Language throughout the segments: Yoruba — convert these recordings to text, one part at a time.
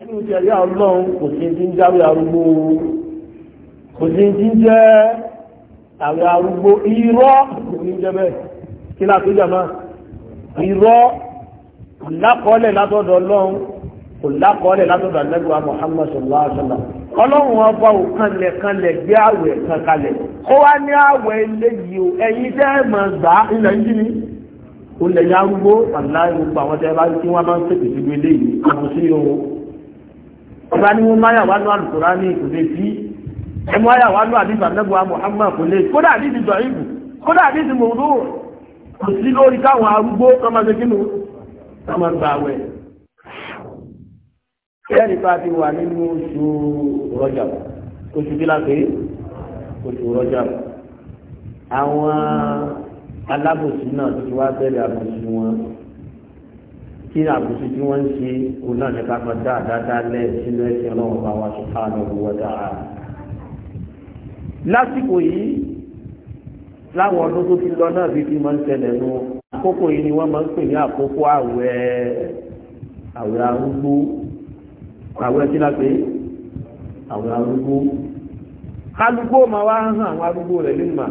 nínú ìjẹ̀rí ọlọ́run kò sí ti ń jáwé arúgbó kò sí ti ń jẹ́ àwẹ̀ arúgbó irọ́ kò ní jẹ́ bẹ́ẹ̀ kí láti jàmá irọ́ kò lákọọ́lẹ̀ látọ̀dọ̀ ọlọ́run kò lákọọ́lẹ̀ látọ̀dọ̀ àlẹ́gbà Muhammad sallallahu alaihi wasallam ọlọ́run ọba tẹ́ ẹ̀ ń tí wọ́n máa ń tètè sí eléyìí àwọn sí ohun ọba ni wọ́n máyà wá ní àlùkòrá ní kò lè fi ẹ mú àyà wá ní àdìsà nẹ́gbàá Muhammad kò lè kódà àdìsì dọ̀ìbù kódà àdìsì mòdó kò sí lórí káwọn arúgbó kọ́mọ́sẹ́kínú kọ́mọ́gbàwẹ̀ kẹ́rì bá ti wà nínú oṣù rọ́jà oṣù bí lápé oṣù rọ́jà àwọn alábòsí náà ti wá bẹ̀rẹ̀ àbòsí wọn kí ni àbùsí tí wọ́n ń ṣe òun náà ní kápá dáadáa lẹ̀ sínú ẹ̀sìn ọlọ́run bá wa subhanahu wa ta'ala. lásìkò yìí láwọn ọdún tó ti lọ náà fífi máa ń ṣẹlẹ̀ nu àkókò yìí ni wọ́n máa ń pè ní àkókò àwẹ̀ àwẹ̀ arúgbó àwẹ̀ kí la pé àwẹ̀ arúgbó kálukó máa wá hàn àwọn arúgbó rẹ̀ nínú màá.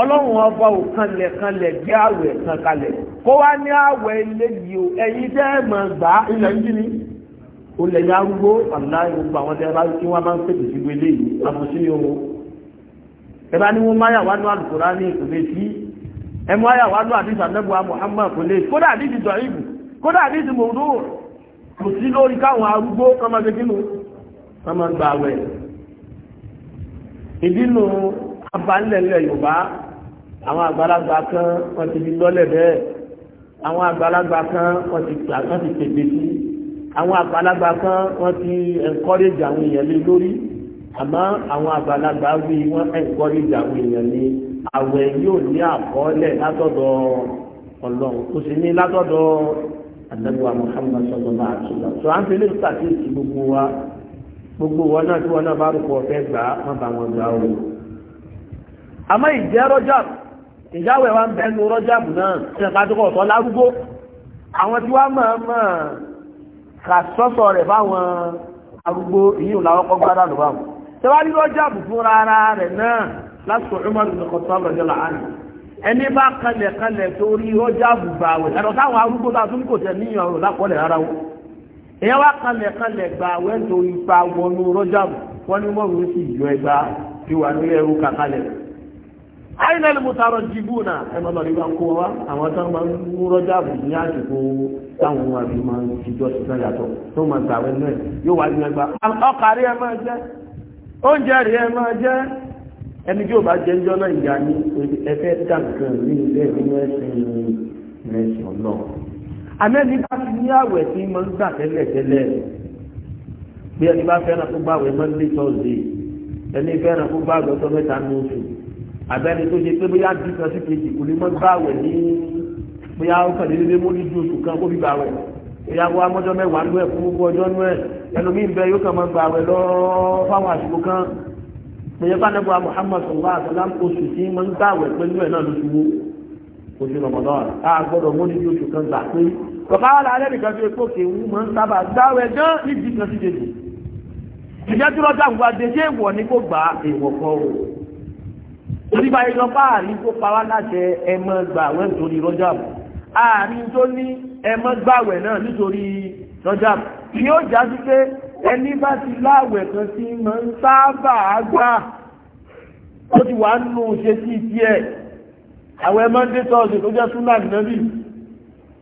ọlọ́run ọba ò kanlẹ̀ kanlẹ̀ gbé àwẹ̀ kan kalẹ̀ kó wá ní àwẹ̀ eléyìí o ẹ̀yin tẹ́ ẹ̀ mọ̀ gbà ilẹ̀ ń jìnnì ó lẹ̀ ní arúgbó àmì gbogbo àwọn tẹ́ ẹ bá kí wọ́n máa ń pèsè sí wọlé yìí àmọ́ ni owó ẹ bá ní wọ́n máa yà wá ní alùpùpù ní ìpínlẹ̀ sí ẹ mú àyà wá ní àdìsí àdẹ́bùwà Muhammad kò lè kódà àdìsí dọ̀ ìbù abalẹ̀lẹ̀ Yorùbá àwọn àgbàlagbà kan wọ́n ti fi lọ́lẹ̀ bẹ́ẹ̀ àwọn àgbàlagbà kan wọ́n ti gbà wọ́n ti tètè sí àwọn àgbàlagbà kan wọ́n ti encourage àwọn èèyàn lé lórí àmọ́ àwọn àgbàlagbà wí wọ́n encourage àwọn èèyàn ní àwẹ̀ yóò ní àkọọ́lẹ̀ látọ̀dọ̀ ọlọ́run kò sì ní látọ̀dọ̀ àdàgbà Muhammad sọ̀tọ̀lá àtúnlá tó à ń fi ṣàkíyèsí gbogbo wa gbogbo wọn náà tí wọn náà bá rúkọ ọ̀fẹ́ gbà má bá wọn gbà o. àmọ́ ìjẹ́ rọ́jà ìjáwẹ̀ wa ń bẹ́ ní rọ́jàmù náà tí ẹ̀ka tó kọ̀ tọ́ lárúgbó àwọn tí wá mọ̀ mọ̀ kà sọ́sọ̀ rẹ̀ fáwọn arúgbó ìyíò làwọn kọ́ gbádà ló wà wọn. tẹ́wá ní rọ́jàmù fún rárá rẹ̀ náà lásìkò Umar bin Khattab radiyallahu anhu ẹni bá kalẹ̀ kalẹ̀ torí rọ́jàmù gbàwẹ̀ ẹ̀rọ táwọn arúgbó tá a tún kò tẹ̀ níyàn ọ̀rọ̀ lápọ̀lẹ̀ rárá àìlẹ́ ni mo tààrọ̀ jìbù náà ẹmọ lọ nígbà kó wá àwọn tó máa ń ní àsìkò táwọn máa ń sí náà tó máa náà yóò wá ní ẹgbà ọkàrí ẹ máa jẹ oúnjẹ rí ẹ máa jẹ ẹni tí bá jẹ ńjọ náà ìyá ẹfẹ ní ilé ẹsìn ẹsìn bá ti ní àwẹ̀ tí mo ń gbà tẹ́lẹ̀ tẹ́lẹ̀ bí ẹni bá fẹ́ràn fún gbàwẹ̀ mọ́ àbẹ́ni tó ṣe pé bóyá bí kan sí kejì kò ní mọ́ gbàwẹ̀ ní bóyá ó kàn nílé mú ní ju oṣù kan kó fi gbàwẹ̀ bóyá wọ́n amọ́jọ́ mẹ́wàá nú ẹ̀ fún gbogbo ọjọ́ nú ẹ̀ ẹlòmíín bẹ yóò kàn mọ́ gbàwẹ̀ lọ fáwọn àsìkò kan bóyá bánẹ́bù Muhammad sallallahu alaihi wasallam oṣù tí mọ́ ń gbàwẹ̀ pẹ̀lú ẹ̀ náà lóṣù wo oṣù Ramadan a gbọ́dọ̀ mú ní ju oṣù kan gbà pé bàbá wa lálẹ́ nìkan fi mọ́ torí báyìí lọ bá àrí tó pawá láṣẹ ẹmọ gbàwẹ̀ nítorí rọ́jàbù àárín tó ní ẹmọ gbàwẹ̀ náà nítorí rọ́jàbù ni ó já sí pé ẹni bá ti láwẹ̀ kan sí mọ́ ń sábà gbà ó ti wà nù ṣe sí ti ẹ̀ àwọn ẹmọ ń dé tọ́ọ̀sì tó jẹ́ súnà nìyẹn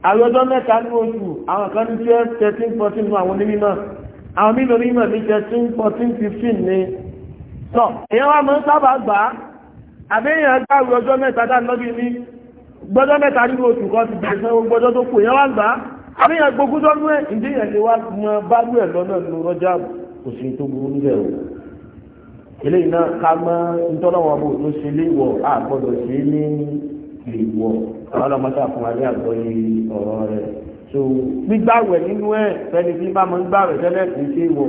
àwọn ọjọ́ mẹ́ta ní oṣù àwọn kan ní jẹ́ 13 14 ní àwọn onímọ̀ àwọn mílò onímọ̀ ní 13 14 15 ní sọ èyàn wá mọ́ sábà gbàá àbẹ́yàn gbáwù ọjọ́ mẹ́ta dánilọ́bí ní gbọ́jọ́ mẹ́ta nínú oṣù kan ti bẹ̀rẹ̀ gbọ́jọ́ tó kù yẹn wá gbà á àbẹ́yàn gbogbo tó mú ẹ̀ ìdí yẹn lè wá mọ bá lú ẹ̀ lọ́nà ló rọ́jà kò sí tó burú níbẹ̀ o eléyìí náà ká mọ́ so gbígbàwẹ̀ nínú ẹ̀ fẹ́ni tí bá mọ́ gbàwẹ̀ tẹ́lẹ̀ kì í ṣe wọ̀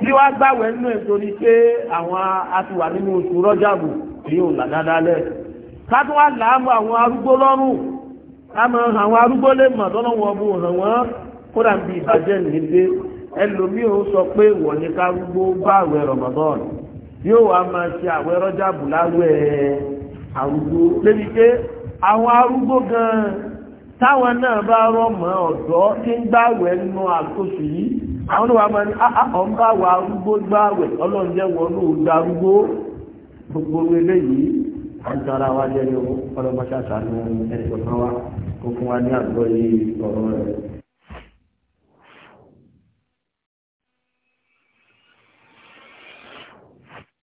bí wàá gbàwẹ̀ nínú ẹ̀ torí pé àwọn àtiwà nínú oṣù rọ́jà èyí ò là dáadáa lẹ̀ ká tún wá làámú àwọn arúgbó lọ́rùn ká mọ àwọn arúgbó lè mọ̀ tọ́lọ́wọ́ bó hàn wọ́n kódà ń ìbàjẹ́ nìyí ẹlòmíì ó sọ pé ní ká bá àwẹ̀ yóò wá máa ṣe àwẹ̀ arúgbó lébi pé àwọn arúgbó gan táwọn náà bá rọ́mọ ọ̀dọ́ tí ń gbàwẹ̀ nínú àkóso yìí àwọn máa ah, ah, gbogbo eléyìí àjọ ara wa jẹ́ ní ọlọ́mọṣáṣá ní ẹnì kọ̀ọ̀kan wa kó fún wa ní àgbọ̀ yìí ọ̀rọ̀ rẹ̀.